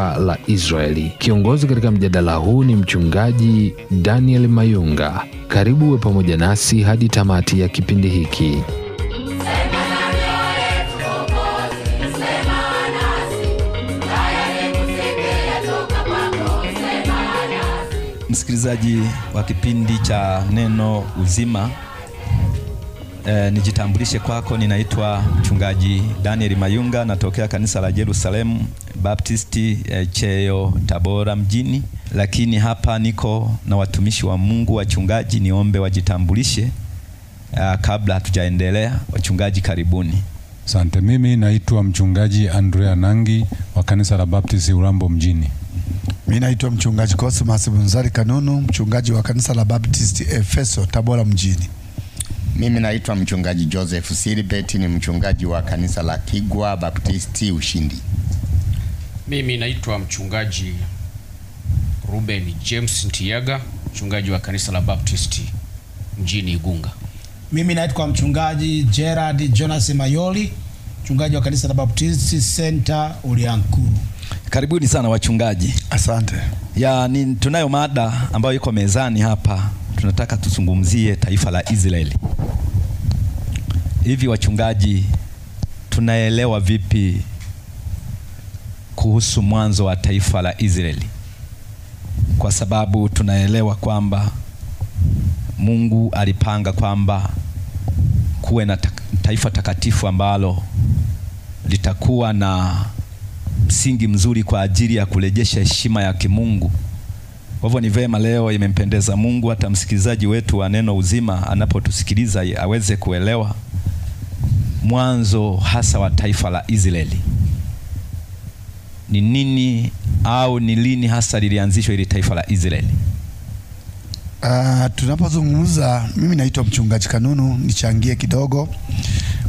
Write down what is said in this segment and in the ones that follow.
taifa la Israeli. Kiongozi katika mjadala huu ni mchungaji Daniel Mayunga. Karibu we pamoja nasi hadi tamati ya kipindi hiki. Msikilizaji wa kipindi cha Neno Uzima, e, nijitambulishe kwako. Ninaitwa mchungaji Daniel Mayunga, natokea kanisa la Jerusalemu Baptisti eh, Cheyo Tabora mjini, lakini hapa niko na watumishi wa Mungu wachungaji, niombe wajitambulishe eh, kabla hatujaendelea. Wachungaji karibuni. Asante, mimi naitwa mchungaji Andrea Nangi wa kanisa la Baptisti Urambo mjini. Mimi naitwa mchungaji Cosmas Bunzari Kanunu, mchungaji wa kanisa la Baptisti Efeso Tabora mjini. Mimi naitwa mchungaji Joseph Silibeti, ni mchungaji wa kanisa la Kigwa Baptisti Ushindi. Mimi naitwa mchungaji Ruben James Ntiyaga, mchungaji wa kanisa la Baptist mjini Igunga. Mimi naitwa mchungaji Gerard Jonas Mayoli, mchungaji wa kanisa la Baptist Center Uliankuru. Karibuni sana wachungaji. Asante. Ya, ni tunayo mada ambayo iko mezani hapa, tunataka tuzungumzie taifa la Israeli. Hivi wachungaji, tunaelewa vipi kuhusu mwanzo wa taifa la Israeli, kwa sababu tunaelewa kwamba Mungu alipanga kwamba kuwe na taifa takatifu ambalo litakuwa na msingi mzuri kwa ajili ya kurejesha heshima ya kimungu. Kwa hivyo ni vema leo imempendeza Mungu hata msikilizaji wetu wa Neno Uzima anapotusikiliza aweze kuelewa mwanzo hasa wa taifa la Israeli ni nini au ni lini hasa lilianzishwa ili taifa la Israeli? Uh, ah, tunapozungumza mimi naitwa mchungaji Kanunu, nichangie kidogo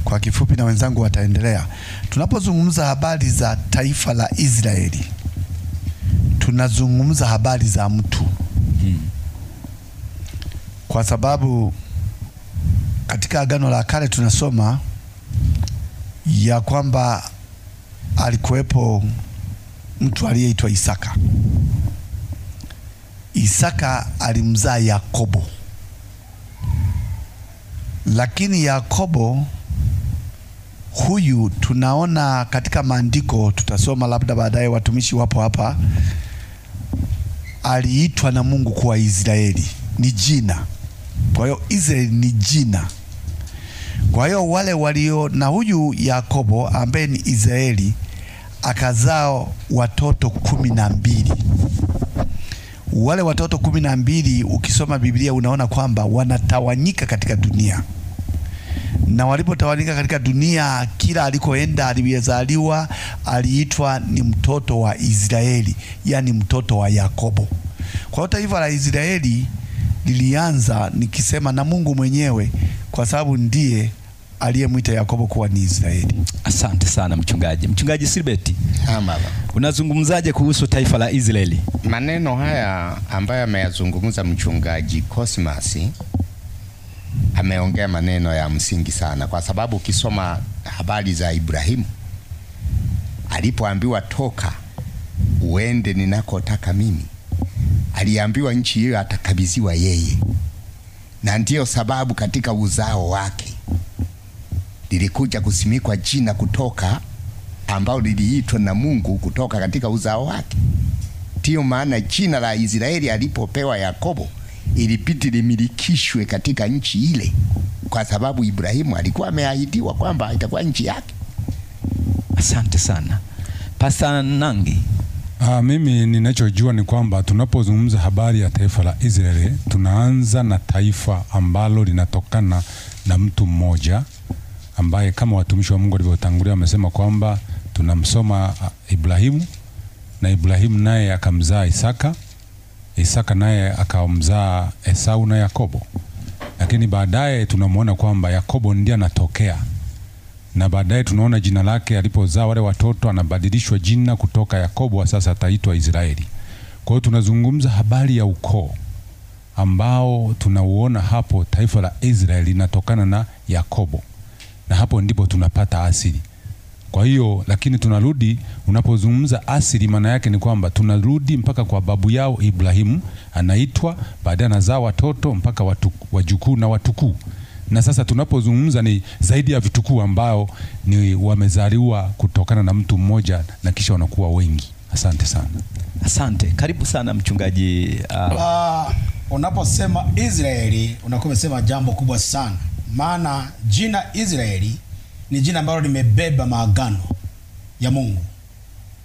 kwa kifupi na wenzangu wataendelea. Tunapozungumza habari za taifa la Israeli, tunazungumza habari za mtu hmm. Kwa sababu katika Agano la Kale tunasoma ya kwamba alikuwepo mtu aliyeitwa Isaka. Isaka alimzaa Yakobo, lakini Yakobo huyu tunaona katika maandiko, tutasoma labda baadaye, watumishi wapo hapa, aliitwa na Mungu kuwa Israeli, ni jina. Kwa hiyo Israeli ni jina. Kwa hiyo wale walio na huyu Yakobo ambaye ni Israeli akazao watoto kumi na mbili. Wale watoto kumi na mbili ukisoma Biblia unaona kwamba wanatawanyika katika dunia, na walipotawanyika katika dunia, kila alikoenda aliyezaliwa aliitwa ni mtoto wa Israeli, yaani mtoto wa Yakobo. Kwa hiyo taifa la Israeli lilianza nikisema na Mungu mwenyewe, kwa sababu ndiye aliyemwita Yakobo kuwa ni Israeli. Asante sana mchungaji. Mchungaji Silbeti, unazungumzaje kuhusu taifa la Israeli? Maneno haya ambayo ameyazungumza mchungaji Cosmas ameongea maneno ya msingi sana, kwa sababu ukisoma habari za Ibrahimu alipoambiwa toka uende ninakotaka mimi, aliambiwa nchi hiyo atakabidhiwa yeye, na ndiyo sababu katika uzao wake lilikuja kusimikwa jina kutoka ambao liliitwa na Mungu kutoka katika uzao wake. Ndiyo maana jina la Israeli alipopewa Yakobo ilipiti limilikishwe katika nchi ile, kwa sababu Ibrahimu alikuwa ameahidiwa kwamba itakuwa nchi yake. Asante sana Pasa Nangi. Ah, mimi ninachojua ni kwamba tunapozungumza habari ya taifa la Israeli tunaanza na taifa ambalo linatokana na mtu mmoja ambaye kama watumishi wa Mungu walivyotangulia wamesema kwamba tunamsoma Ibrahimu na Ibrahimu naye akamzaa Isaka, Isaka naye akamzaa Esau na Yakobo, lakini baadaye tunamwona kwamba Yakobo ndiye anatokea, na baadaye tunaona jina lake alipozaa wale watoto anabadilishwa jina kutoka Yakobo, sasa ataitwa Israeli. Kwa hiyo tunazungumza habari ya ukoo ambao tunauona hapo, taifa la Israeli linatokana na Yakobo na hapo ndipo tunapata asili. Kwa hiyo lakini tunarudi, unapozungumza asili, maana yake ni kwamba tunarudi mpaka kwa babu yao Ibrahimu, anaitwa baadaye, anazaa watoto mpaka watu, wajukuu na watukuu. Na sasa tunapozungumza ni zaidi ya vitukuu ambao ni wamezaliwa kutokana na mtu mmoja na kisha wanakuwa wengi. Asante sana. Asante, karibu sana mchungaji. Uh... Uh, unaposema Israeli unakuwa umesema jambo kubwa sana maana jina Israeli ni jina ambalo limebeba maagano ya Mungu,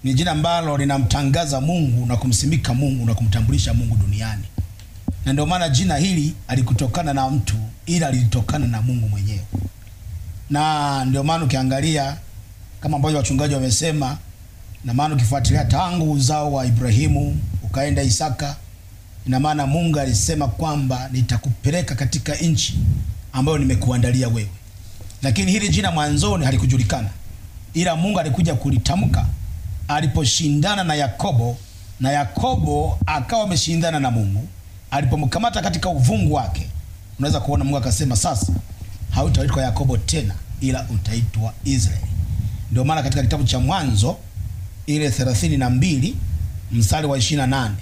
ni jina ambalo linamtangaza Mungu na kumsimika Mungu na kumtambulisha Mungu duniani, na ndio maana jina hili alikutokana na mtu, ila lilitokana na Mungu mwenyewe. Na ndio maana ukiangalia kama ambavyo wachungaji wamesema, na maana ukifuatilia tangu uzao wa Ibrahimu ukaenda Isaka, ina maana Mungu alisema kwamba nitakupeleka katika nchi ambayo nimekuandalia wewe. Lakini hili jina mwanzoni halikujulikana, ila Mungu alikuja kulitamka aliposhindana na Yakobo, na Yakobo akawa ameshindana na Mungu. Alipomkamata katika uvungu wake, unaweza kuona Mungu akasema, sasa hautaitwa Yakobo tena, ila utaitwa Israeli. Ndio maana katika kitabu cha Mwanzo ile na mbili mstari wa nane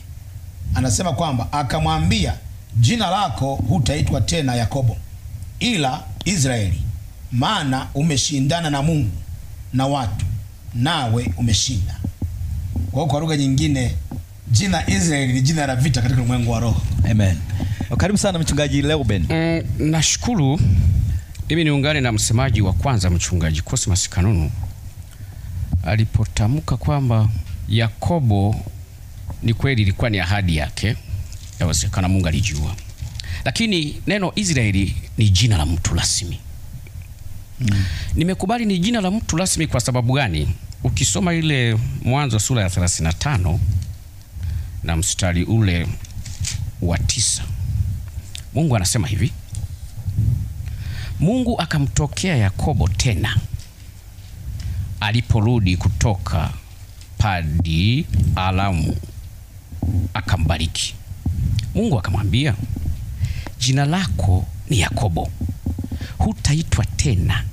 anasema kwamba akamwambia, jina lako hutaitwa tena Yakobo ila Israeli, maana umeshindana na Mungu na watu, nawe umeshinda. Kwa hiyo kwa lugha nyingine, jina Israeli ni jina la vita katika ulimwengu wa roho. Amen. Karibu sana mchungaji Leuben. Mm, nashukuru. Mimi niungane na msemaji wa kwanza mchungaji Cosmas Kanunu alipotamka kwamba Yakobo ni kweli ilikuwa ni ahadi yake, yawezekana Mungu alijua, lakini neno Israeli ni jina la mtu rasmi mm. Nimekubali ni jina la mtu rasmi kwa sababu gani? Ukisoma ile Mwanzo sura ya 35 na mstari ule wa tisa, Mungu anasema hivi: Mungu akamtokea Yakobo tena aliporudi kutoka Padi Aramu, akambariki. Mungu akamwambia, jina lako ni Yakobo. Hutaitwa tena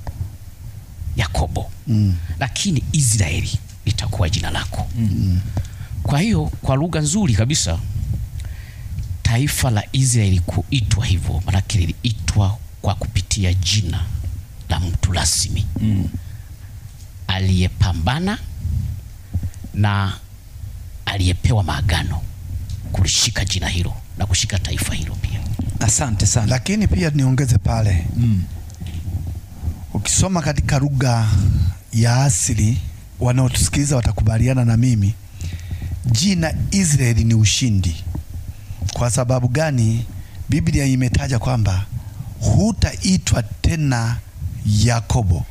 Yakobo mm. lakini Israeli litakuwa jina lako mm. mm. Kwa hiyo kwa lugha nzuri kabisa taifa la Israeli kuitwa hivyo, manake liliitwa kwa kupitia jina la mtu rasmi mm. aliyepambana na aliyepewa maagano kulishika jina hilo na kushika taifa hilo pia. Asante sana. Lakini pia niongeze pale mm. Ukisoma katika lugha ya asili, wanaotusikiliza watakubaliana na mimi, jina Israeli ni ushindi. Kwa sababu gani? Biblia imetaja kwamba hutaitwa tena Yakobo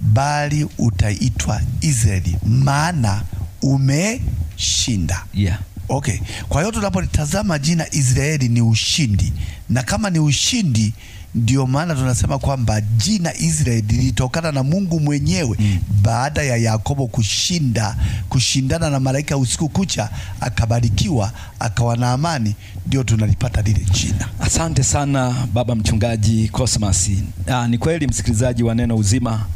bali utaitwa Israeli, maana umeshinda. Yeah. Okay. Kwa hiyo tunapotazama jina Israeli ni ushindi, na kama ni ushindi, ndio maana tunasema kwamba jina Israeli lilitokana na Mungu mwenyewe mm. Baada ya Yakobo kushinda kushindana na malaika usiku kucha, akabarikiwa akawa na amani, ndio tunalipata lile jina. Asante sana baba mchungaji Cosmas. Ah, ni kweli msikilizaji wa Neno Uzima,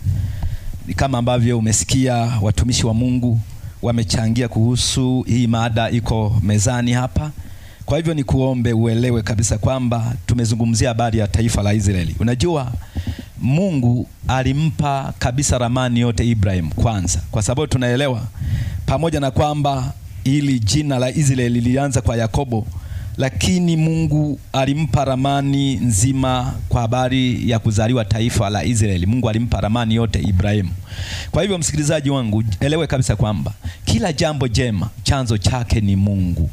ni kama ambavyo umesikia watumishi wa Mungu wamechangia kuhusu hii mada iko mezani hapa. Kwa hivyo ni kuombe uelewe kabisa kwamba tumezungumzia habari ya taifa la Israeli. Unajua Mungu alimpa kabisa ramani yote Ibrahim kwanza, kwa sababu tunaelewa pamoja na kwamba hili jina la Israeli lilianza kwa Yakobo lakini Mungu alimpa ramani nzima kwa habari ya kuzaliwa taifa la Israeli. Mungu alimpa ramani yote Ibrahimu. Kwa hivyo, msikilizaji wangu, elewe kabisa kwamba kila jambo jema chanzo chake ni Mungu.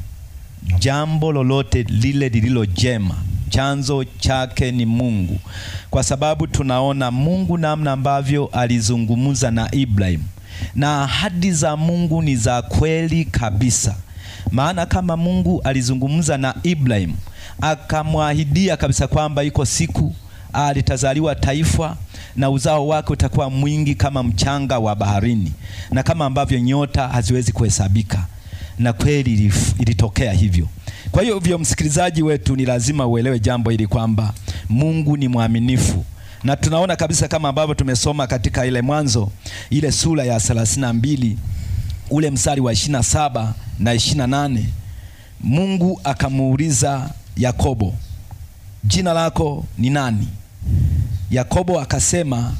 Jambo lolote lile lililo jema chanzo chake ni Mungu, kwa sababu tunaona Mungu namna ambavyo alizungumza na Ibrahimu, na ahadi za Mungu ni za kweli kabisa. Maana kama Mungu alizungumza na Ibrahimu akamwahidia kabisa kwamba iko siku alitazaliwa taifa na uzao wake utakuwa mwingi kama mchanga wa baharini na kama ambavyo nyota haziwezi kuhesabika, na kweli ilitokea hivyo. Kwa hiyo vyo, msikilizaji wetu, ni lazima uelewe jambo hili kwamba Mungu ni mwaminifu, na tunaona kabisa kama ambavyo tumesoma katika ile Mwanzo ile sura ya 32 ule mstari wa 27 na ishirini na nane Mungu akamuuliza Yakobo, jina lako ni nani? Yakobo akasema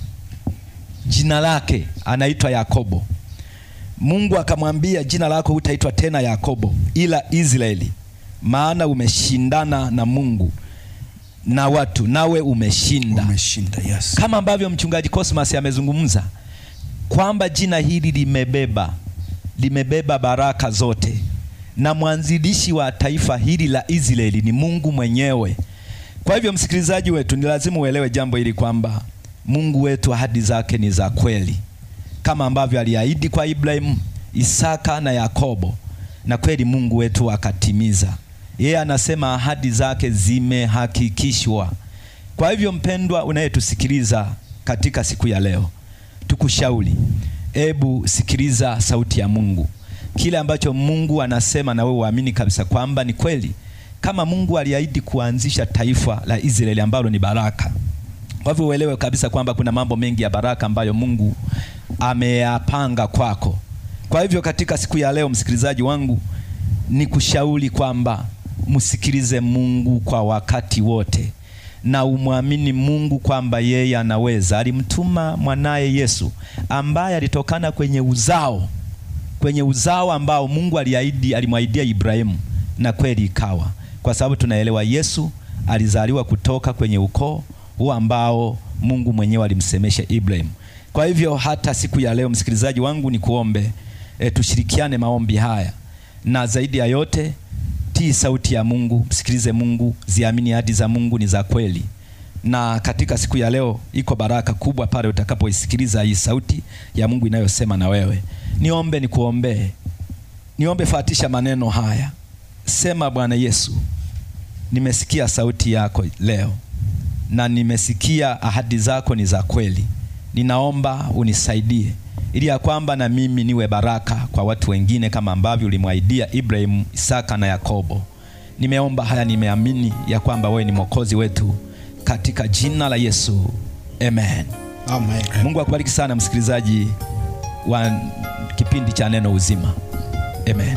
jina lake anaitwa Yakobo. Mungu akamwambia, jina lako hutaitwa tena Yakobo ila Israeli, maana umeshindana na Mungu na watu nawe umeshinda, umeshinda yes. Kama ambavyo mchungaji Cosmas amezungumza kwamba jina hili limebeba limebeba baraka zote, na mwanzilishi wa taifa hili la Israeli ni Mungu mwenyewe. Kwa hivyo, msikilizaji wetu, ni lazima uelewe jambo hili kwamba Mungu wetu ahadi zake ni za kweli, kama ambavyo aliahidi kwa Ibrahimu, Isaka na Yakobo, na kweli Mungu wetu akatimiza. Yeye anasema ahadi zake zimehakikishwa. Kwa hivyo, mpendwa unayetusikiliza katika siku ya leo, tukushauri ebu sikiliza sauti ya Mungu, kile ambacho Mungu anasema, na wewe uamini kabisa kwamba ni kweli, kama Mungu aliahidi kuanzisha taifa la Israeli ambalo ni baraka. Kwa hivyo uelewe kabisa kwamba kuna mambo mengi ya baraka ambayo Mungu ameyapanga kwako. Kwa hivyo katika siku ya leo, msikilizaji wangu, ni kushauri kwamba msikilize Mungu kwa wakati wote na umwamini Mungu kwamba yeye anaweza. Alimtuma mwanaye Yesu ambaye alitokana kwenye uzao, kwenye uzao ambao Mungu aliahidi, alimwahidia Ibrahimu, na kweli ikawa, kwa sababu tunaelewa Yesu alizaliwa kutoka kwenye ukoo huo ambao Mungu mwenyewe alimsemesha Ibrahimu. Kwa hivyo hata siku ya leo, msikilizaji wangu, kuombe e, eh, tushirikiane maombi haya na zaidi ya yote tii sauti ya Mungu, msikilize Mungu, ziamini ahadi za Mungu ni za kweli. Na katika siku ya leo iko baraka kubwa pale utakapoisikiliza hii sauti ya Mungu inayosema na wewe. Niombe nikuombee, niombe fatisha maneno haya. Sema, Bwana Yesu, nimesikia sauti yako leo na nimesikia ahadi zako ni za kweli. Ninaomba unisaidie ili ya kwamba na mimi niwe baraka kwa watu wengine kama ambavyo ulimwahidia Ibrahimu, Isaka na Yakobo. Nimeomba haya, nimeamini ya kwamba wewe ni mwokozi wetu katika jina la Yesu. Amen. Amen. Mungu akubariki sana msikilizaji wa kipindi cha Neno Uzima. Amen.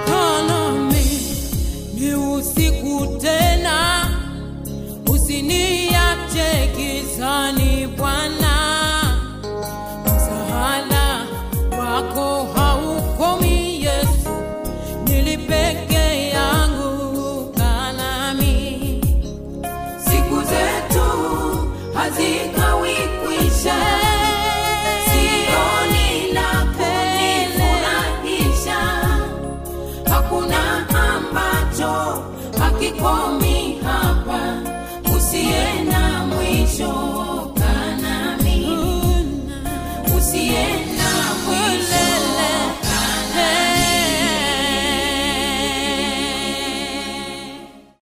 Azita.